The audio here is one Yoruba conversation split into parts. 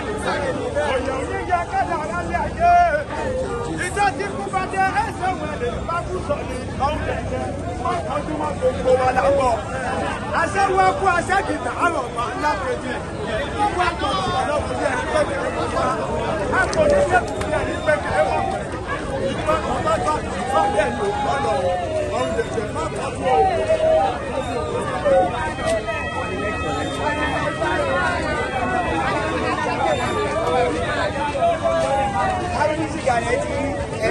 Ọ̀yà oníyà kádà lálẹ́ ayé. Ìjọ ti kú bá dé ẹsẹ̀ wẹ̀lẹ̀ bá kú sọ ní ọ̀hún ẹ̀jẹ̀. Ọdún wọn gbogbo wa lábọ̀. Àṣẹ wọn kú àṣẹ kìtà àrọ̀ mọ́ lápẹ̀jẹ̀. Ìjọba tó sọ̀rọ̀ kù sí ẹni pẹ̀kẹ́ wọn wá. A kò ní ṣe kù sí ẹni pẹ̀kẹ́ wọn wá. Ìjọba tó bá tó bá bẹ̀rù ọ̀nà ọ̀hún ẹ̀jẹ̀ má bàtú ọ̀hún.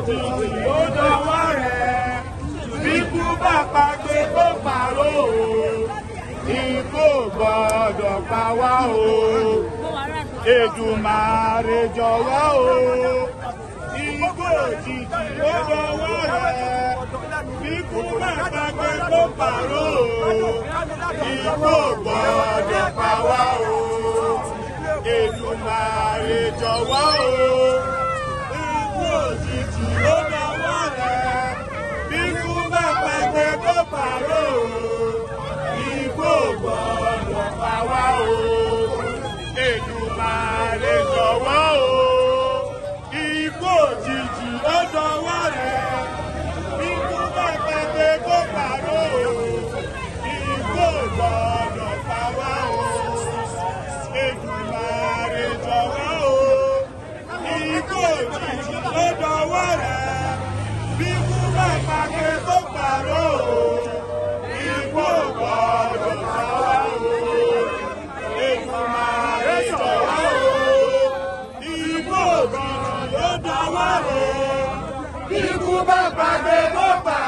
ó dọwọ́ rẹ̀ bíkú bá pàgbé kó pàrọ̀ o ikú gbọ́dọ̀ pa wá o Èdùmàrè jọ̀wọ́ o ikú òjijì ó dọwọ́ rẹ̀ bíkú bá pàgbé kó pàrọ̀ o ikú gbọ́dọ̀ pa wá o Èdùmàrè jọ̀wọ́ o ló dọwọ́ rẹ̀ bí kú bá pàṣẹ kó pàrọ̀. Cuba pra ver,